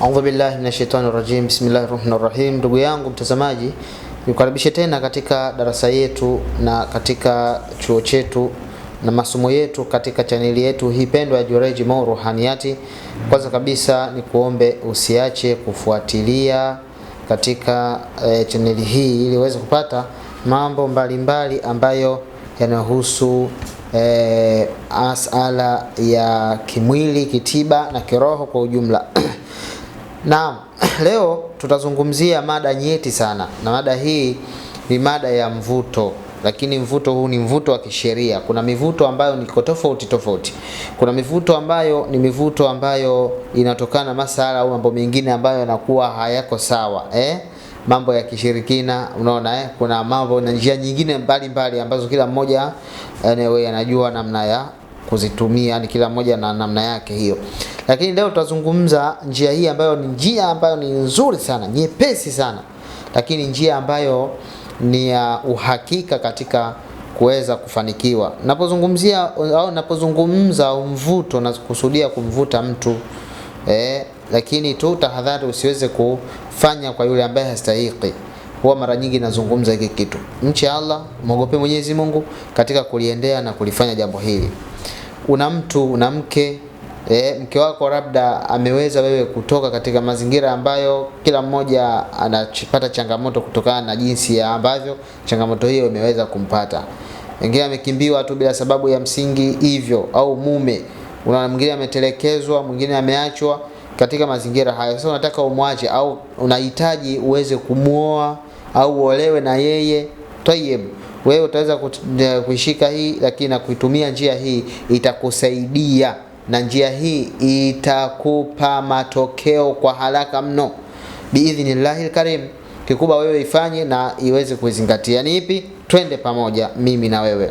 Audhu billahi minashaitani rajim. Bismillahi rahmani rahim. Ndugu yangu mtazamaji, nikukaribishe tena katika darasa yetu na katika chuo chetu na masomo yetu katika chaneli yetu hii pendwa ya Jureej Mo Ruhaniyat. Kwanza kabisa ni kuombe usiache kufuatilia katika e, eh, chaneli hii ili uweze kupata mambo mbalimbali mbali ambayo yanayohusu e, masala ya kimwili, kitiba na kiroho kwa ujumla Naam, leo tutazungumzia mada nyeti sana, na mada hii ni mada ya mvuto, lakini mvuto huu ni mvuto wa kisheria. Kuna mivuto ambayo niko tofauti tofauti, kuna mivuto ambayo ni mivuto ambayo inatokana na masala au mambo mengine ambayo yanakuwa hayako sawa eh? mambo ya kishirikina unaona eh? kuna mambo na njia nyingine mbalimbali mbali, ambazo kila mmoja eh, anajua namna ya kuzitumia, yani kila mmoja na namna yake hiyo. Lakini leo tutazungumza njia hii ambayo ni njia ambayo ni nzuri sana, nyepesi sana, lakini njia ambayo ni ya uhakika katika kuweza kufanikiwa. Napozungumzia au napozungumza mvuto, nakusudia kumvuta mtu eh, lakini tu tahadhari usiweze kufanya kwa yule ambaye hastahiki. Huwa mara nyingi nazungumza hiki kitu. Mche Allah, mwogope Mwenyezi Mungu katika kuliendea na kulifanya jambo hili una mtu una mke e, mke wako labda ameweza wewe kutoka katika mazingira ambayo kila mmoja anapata changamoto kutokana na jinsi ya ambavyo changamoto hiyo imeweza kumpata. Wengine amekimbiwa tu bila sababu ya msingi hivyo, au mume una mwingine ametelekezwa, mwingine ameachwa katika mazingira hayo. Sasa unataka umwache au unahitaji uweze kumuoa au uolewe na yeye. Tayeb wewe utaweza eh, kuishika hii, lakini na kuitumia njia hii itakusaidia, na njia hii itakupa matokeo kwa haraka mno biidhnillahi lkarim Kikubwa wewe ifanye na iweze kuizingatia. Ni ipi? Twende pamoja mimi na wewe.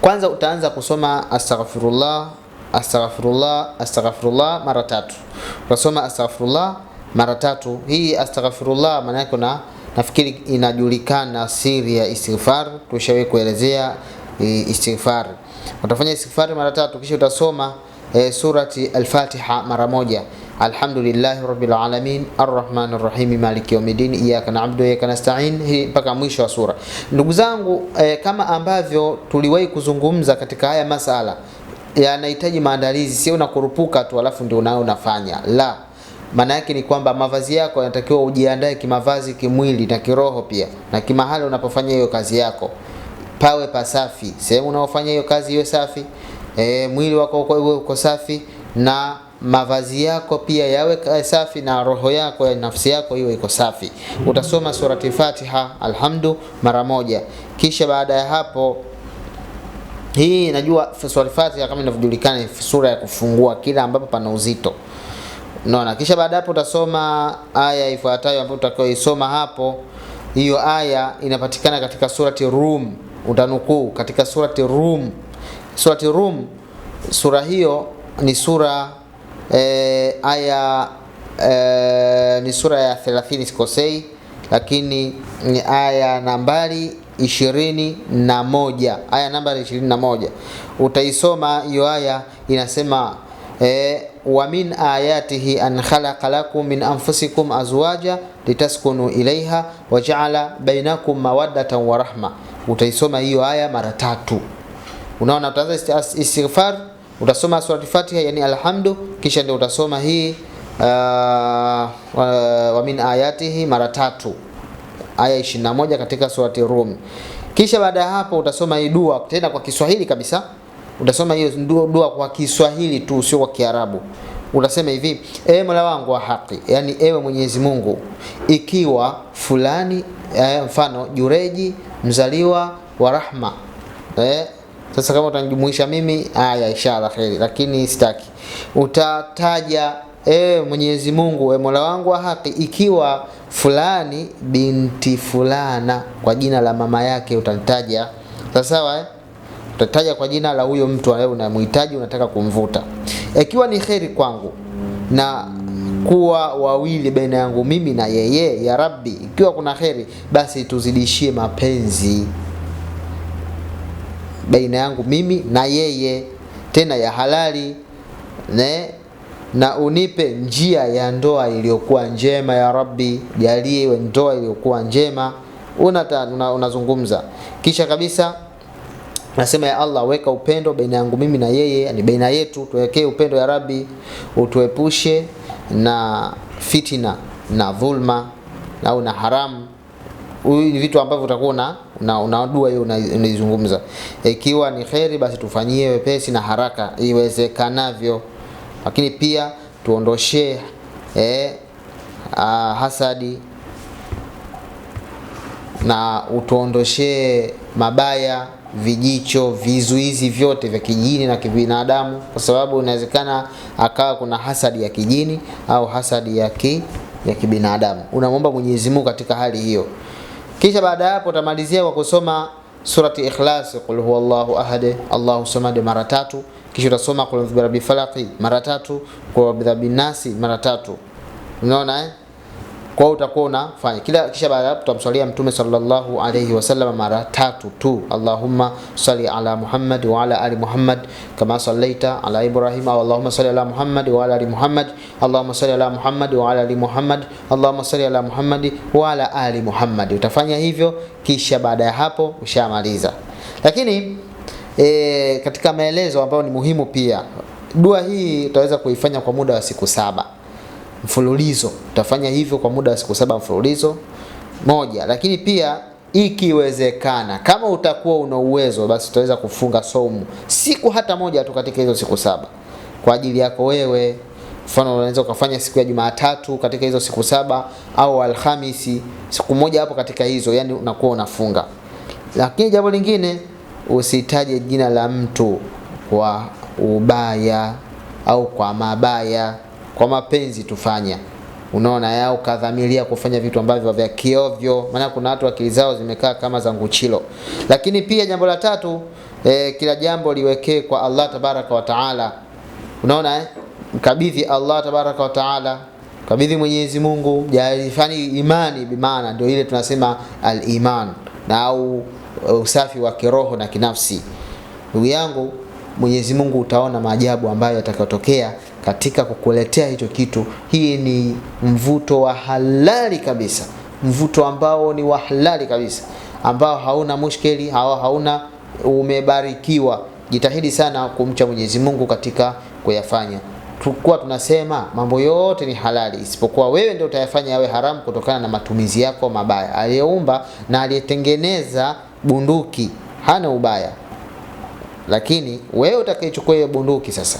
Kwanza utaanza kusoma astaghfirullah, astaghfirullah, astaghfirullah mara tatu. Utasoma astaghfirullah mara tatu. Hii astaghfirullah maana yake na Nafikiri inajulikana siri ya istighfar, tushawahi kuelezea eh, istighfar. Utafanya istighfar mara tatu, kisha utasoma e, surati Al-Fatiha mara moja. Alhamdulillahi rabbil alamin arrahmanir rahim maliki yawmiddin iyyaka na'budu wa iyyaka nasta'in, hii mpaka mwisho wa sura. Ndugu zangu e, kama ambavyo tuliwahi kuzungumza katika haya masala yanahitaji maandalizi, sio unakurupuka tu alafu ndio unao unafanya la maana yake ni kwamba mavazi yako yanatakiwa ujiandae kimavazi, kimwili na kiroho pia, na kimahali unapofanya hiyo kazi yako pawe pasafi, sehemu unaofanya hiyo kazi iwe safi, e, mwili wako uwe uko safi na mavazi yako pia yawe safi na roho yako ya nafsi yako iwe iko safi. Utasoma surati Fatiha, alhamdu mara moja, kisha baada ya hapo hii najua surati Fatiha kama inavyojulikana, sura ya kufungua kila ambapo pana uzito. Unaona, kisha baada hapo utasoma aya ifuatayo ambayo utakayoisoma hapo. Hiyo aya inapatikana katika surati Rum, utanukuu katika surati Rum. Surati Rum, sura hiyo ni sura e, aya e, ni sura ya 30 sikosei, lakini ni aya nambari ishirini na moja. Aya nambari ishirini na moja utaisoma hiyo aya, inasema e, wa min ayatihi an khalaqa lakum min anfusikum azwaja litaskunu ilaiha wa jaala bainakum mawaddatan wa rahma. Utaisoma hiyo aya mara tatu. Unaona, utaanza istighfar, utasoma surati Fatiha, yani alhamdu, kisha ndio utasoma hii uh, uh, wa min ayatihi mara tatu, aya 21 katika surati Rum. Kisha baada ya hapo utasoma hii dua tena kwa Kiswahili kabisa utasoma hiyo dua kwa Kiswahili tu, sio kwa Kiarabu. Utasema hivi: ewe Mola wangu wa haki, yani ewe Mwenyezi Mungu, ikiwa fulani eh, mfano Jureji mzaliwa wa rahma eh, sasa kama utanijumuisha mimi, aya, ishara kheri, lakini sitaki. Utataja ewe Mwenyezi Mungu, ewe Mola wangu wa haki, ikiwa fulani binti fulana, kwa jina la mama yake utanitaja. sawa eh? utataja kwa jina la huyo mtu ambaye unamhitaji, unataka kumvuta. Ikiwa ni kheri kwangu na kuwa wawili baina yangu mimi na yeye, ya Rabbi, ikiwa kuna kheri, basi tuzidishie mapenzi baina yangu mimi na yeye, tena ya halali ne na unipe njia ya ndoa iliyokuwa njema, ya Rabbi, jalie ndoa iliyokuwa njema. Unazungumza una, una kisha kabisa Nasema ya Allah, weka upendo baina yangu mimi na yeye, ni baina yetu, tuwekee upendo ya Rabbi, utuepushe na fitina na dhulma au na haramu. Huyu ni vitu ambavyo utakuwa una, una, dua hiyo unaizungumza. Ikiwa ni kheri, basi tufanyie wepesi na haraka iwezekanavyo, lakini pia tuondoshee eh, ah, hasadi na utuondoshee mabaya vijicho, vizuizi vyote vya kijini na kibinadamu, kwa sababu inawezekana akawa kuna hasadi ya kijini au hasadi ya ki, ya kibinadamu. Unamwomba Mwenyezi Mungu katika hali hiyo, kisha baada ya hapo utamalizia kwa kusoma surati Ikhlas, qul huwallahu ahad, Allahu samad mara tatu, kisha utasoma qul rabbil falaq mara tatu, qul rabbil nasi mara tatu. Unaona eh? Kwa hiyo utakuwa unafanya kila, kisha baada hapo tutamswalia Mtume sallallahu alayhi wasallam mara tatu tu, Allahumma salli ala Muhammad wa ala ali Muhammad kama sallaita ala Ibrahim, wa Allahumma salli ala Muhammad wa ala ali Muhammad, Allahumma salli ala Muhammad wa ala ali Muhammad, Allahumma salli ala Muhammad wa ala ali Muhammad. Utafanya hivyo, kisha baada ya hapo ushamaliza. Lakini e, katika maelezo ambayo ni muhimu pia, dua hii utaweza kuifanya kwa muda wa siku saba mfululizo. Utafanya hivyo kwa muda wa siku saba mfululizo moja, lakini pia ikiwezekana kama utakuwa una uwezo basi utaweza kufunga saumu siku hata moja tu katika hizo siku saba kwa ajili yako wewe. Mfano, unaweza ukafanya siku ya Jumatatu katika hizo siku saba au Alhamisi, siku moja hapo katika hizo, yani unakuwa unafunga. Lakini jambo lingine, usitaje jina la mtu kwa ubaya au kwa mabaya kwa mapenzi tufanya. Unaona yao kadhamiria kufanya vitu ambavyo vya kiovyo, maana kuna watu akili zao zimekaa kama za nguchilo. Lakini pia jambo la tatu e, kila jambo liwekee kwa Allah tabaraka wa taala. Unaona eh? Mkabidhi Allah tabaraka wa taala, kabidhi Mwenyezi Mungu, jalifani imani bimaana, ndio ile tunasema al-iman na au e, usafi wa kiroho na kinafsi, ndugu yangu. Mwenyezi Mungu utaona maajabu ambayo yatakayotokea katika kukuletea hicho kitu. Hii ni mvuto wa halali kabisa, mvuto ambao ni wa halali kabisa, ambao hauna mushkeli au hauna, umebarikiwa. Jitahidi sana kumcha Mwenyezi Mungu katika kuyafanya. tukuwa tunasema mambo yote ni halali isipokuwa wewe ndio utayafanya yawe haramu kutokana na matumizi yako mabaya. Aliyeumba na aliyetengeneza bunduki hana ubaya lakini wewe utakayechukua hiyo bunduki sasa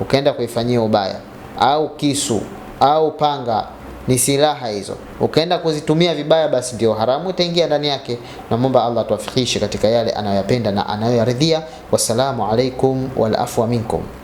ukaenda kuifanyia ubaya au kisu au panga, ni silaha hizo, ukaenda kuzitumia vibaya, basi ndio haramu itaingia ndani yake. Namwomba Allah tuwafikishe katika yale anayoyapenda na anayoyaridhia. Wassalamu alaikum wal afwa minkum.